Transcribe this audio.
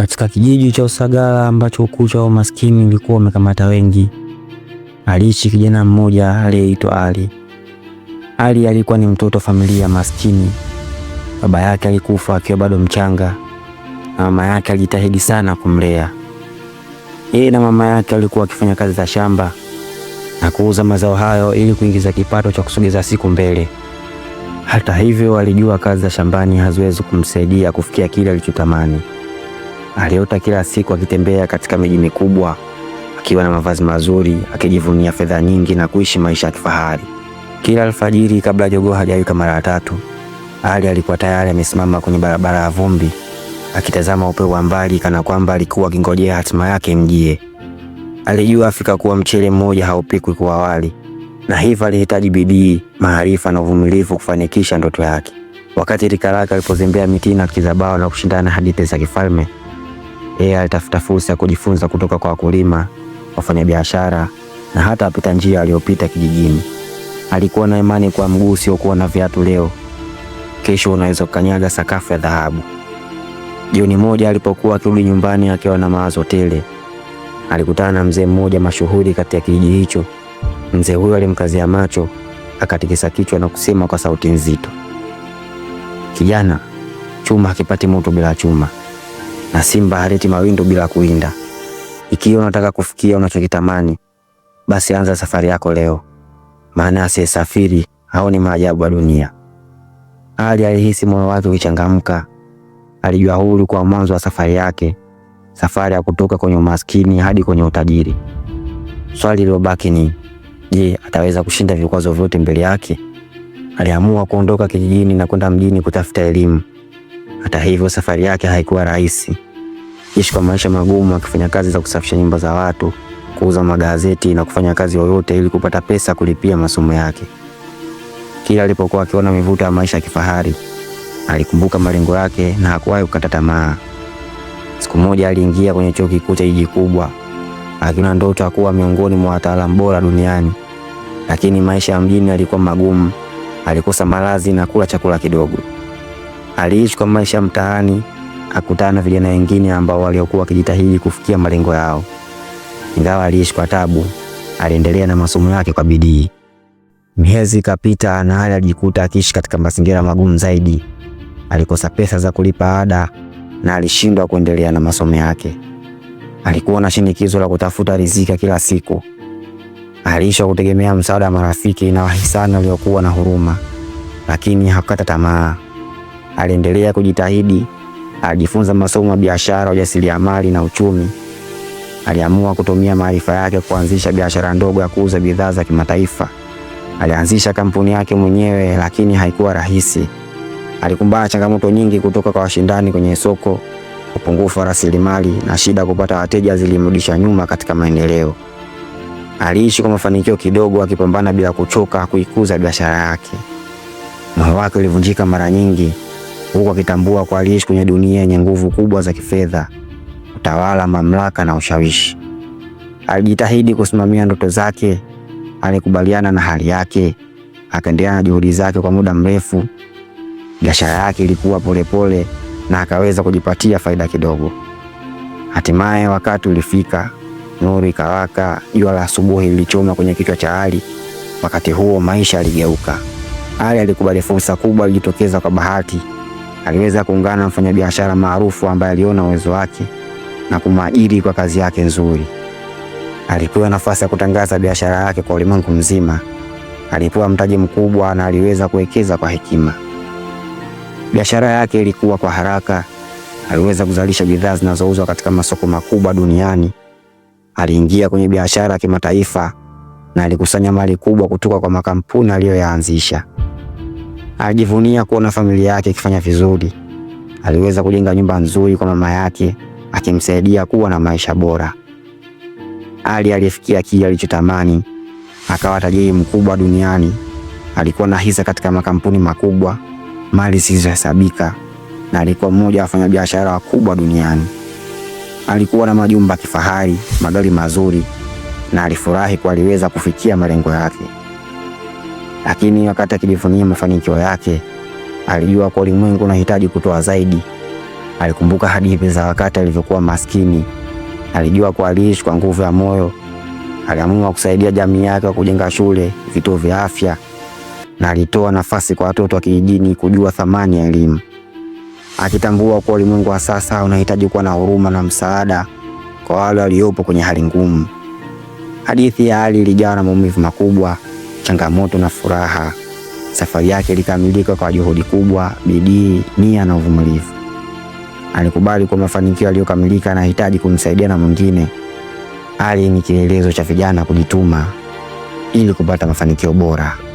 katika kijiji cha Usagara ambacho ukucha wa umaskini ulikuwa umekamata wengi. Aliishi kijana mmoja aliyeitwa Ali. Ali alikuwa ni mtoto familia maskini. Baba yake alikufa akiwa bado mchanga na mama yake alijitahidi sana kumlea yeye. Na mama yake alikuwa akifanya kazi za shamba na kuuza mazao hayo ili kuingiza kipato cha kusogeza siku mbele. Hata hivyo, alijua kazi za shambani haziwezi kumsaidia kufikia kile alichotamani aliota kila siku akitembea katika miji mikubwa akiwa na mavazi mazuri, akijivunia fedha nyingi na kuishi maisha ya kifahari. Kila alfajiri, kabla jogoo hajawika mara ya tatu, Ali alikuwa tayari amesimama kwenye barabara ya vumbi akitazama upeo wa mbali, kana kwamba alikuwa akingojea hatima yake mjie. Alijua afika kuwa mchele mmoja haupikwi kwa awali, na hivyo alihitaji bidii, maarifa na uvumilivu kufanikisha ndoto yake. Wakati rika lake alipozembea mitini na na kushindana hadithi za kifalme yeye alitafuta fursa ya kujifunza kutoka kwa wakulima, wafanyabiashara na hata wapita njia waliopita kijijini. Alikuwa na imani kwa mguu usiokuwa na viatu leo, kesho unaweza kukanyaga sakafu ya dhahabu. Jioni moja alipokuwa akirudi nyumbani akiwa na mawazo tele, alikutana na mzee mmoja mashuhuri kati ya kijiji hicho. Mzee huyo alimkazia macho, akatikisa kichwa na kusema kwa sauti nzito, kijana, chuma hakipati moto bila chuma na simba haleti mawindo bila kuinda. Ikiwa unataka kufikia unachokitamani, basi anza safari yako leo, maana asiyesafiri haoni maajabu ya dunia. Ali alihisi moyo wake ukichangamka. Alijua huru kwa mwanzo wa safari yake, safari ya kutoka kwenye umaskini hadi kwenye utajiri. Swali lilobaki ni je, ataweza kushinda vikwazo vyote mbele yake? Aliamua kuondoka kijijini na kwenda mjini kutafuta elimu. Hata hivyo, safari yake haikuwa rahisi. Ishi kwa maisha magumu, akifanya kazi za kusafisha nyumba za watu, kuuza magazeti na kufanya kazi yoyote ili kupata pesa kulipia masomo yake. Kila alipokuwa akiona mivuto ya maisha ya kifahari, alikumbuka malengo yake na hakuwahi kukata tamaa. Siku moja aliingia kwenye chuo kikuu cha jiji kubwa akiwa na ndoto ya kuwa miongoni mwa wataalamu bora duniani, lakini maisha ya mjini yalikuwa magumu. Alikosa malazi na kula chakula kidogo aliishi kwa maisha ya mtaani, akutana na vijana wengine ambao waliokuwa wakijitahidi kufikia malengo yao. Ingawa aliishi kwa tabu, aliendelea na masomo yake kwa bidii. Miezi ikapita na hali alijikuta akiishi katika mazingira magumu zaidi. Alikosa pesa za kulipa ada na alishindwa kuendelea na masomo yake. Alikuwa na shinikizo la kutafuta riziki kila siku. Aliishi kutegemea msaada wa marafiki na wahisani waliokuwa na huruma, lakini hakukata tamaa aliendelea kujitahidi, alijifunza masomo ya biashara, ujasiriamali na uchumi. Aliamua kutumia maarifa yake kuanzisha biashara ndogo ya kuuza bidhaa za kimataifa. Alianzisha kampuni yake mwenyewe, lakini haikuwa rahisi. Alikumbana changamoto nyingi kutoka kwa washindani kwenye soko. Upungufu wa rasilimali na shida kupata wateja zilimrudisha nyuma katika maendeleo. Aliishi kwa mafanikio kidogo, akipambana bila kuchoka kuikuza biashara yake. Moyo wake ulivunjika mara nyingi huku akitambua kwa aliishi kwenye dunia yenye nguvu kubwa za kifedha, utawala, mamlaka na ushawishi. Alijitahidi kusimamia ndoto zake, alikubaliana na hali yake, akaendelea na juhudi zake kwa muda mrefu. Biashara yake ilikuwa polepole na akaweza kujipatia faida kidogo. Hatimaye wakati ulifika, nuru ikawaka, jua la asubuhi lilichoma kwenye kichwa cha Ali. Wakati huo maisha aligeuka. Ali alikubali fursa kubwa ilijitokeza kwa bahati aliweza kuungana na mfanyabiashara maarufu ambaye aliona uwezo wake na kumwajiri kwa kazi yake nzuri. Alipewa nafasi ya kutangaza biashara yake kwa ulimwengu mzima. Alipewa mtaji mkubwa na aliweza kuwekeza kwa hekima. Biashara yake ilikuwa kwa haraka. Aliweza kuzalisha bidhaa zinazouzwa katika masoko makubwa duniani. Aliingia kwenye biashara ya kimataifa na alikusanya mali kubwa kutoka kwa makampuni aliyoyaanzisha alijivunia kuona familia yake ikifanya vizuri. Aliweza kujenga nyumba nzuri kwa mama yake, akimsaidia kuwa na maisha bora. Ali alifikia kile alichotamani, akawa tajiri mkubwa duniani. Alikuwa na hisa katika makampuni makubwa, mali zilizohesabika, na alikuwa mmoja wa wafanyabiashara wakubwa duniani. Alikuwa na majumba ya kifahari, magari mazuri, na alifurahi kwa aliweza kufikia malengo yake. Lakini wakati akijivunia mafanikio yake, alijua kwa ulimwengu unahitaji kutoa zaidi. Alikumbuka hadithi za wakati alivyokuwa maskini, alijua kwa aliishi kwa nguvu ya moyo. Aliamua kusaidia jamii yake kwa kujenga shule, vituo vya afya na alitoa nafasi kwa watoto wa kijijini kujua thamani ya elimu, akitambua kuwa ulimwengu wa sasa unahitaji kuwa na huruma na msaada kwa wale waliopo kwenye hali ngumu. Hadithi ya Ali ilijawa na maumivu makubwa, changamoto na furaha. Safari yake ilikamilika kwa juhudi kubwa, bidii, nia na uvumilivu. Alikubali kuwa mafanikio aliyokamilika anahitaji kumsaidia na mwingine. Ali ni kielelezo cha vijana kujituma ili kupata mafanikio bora.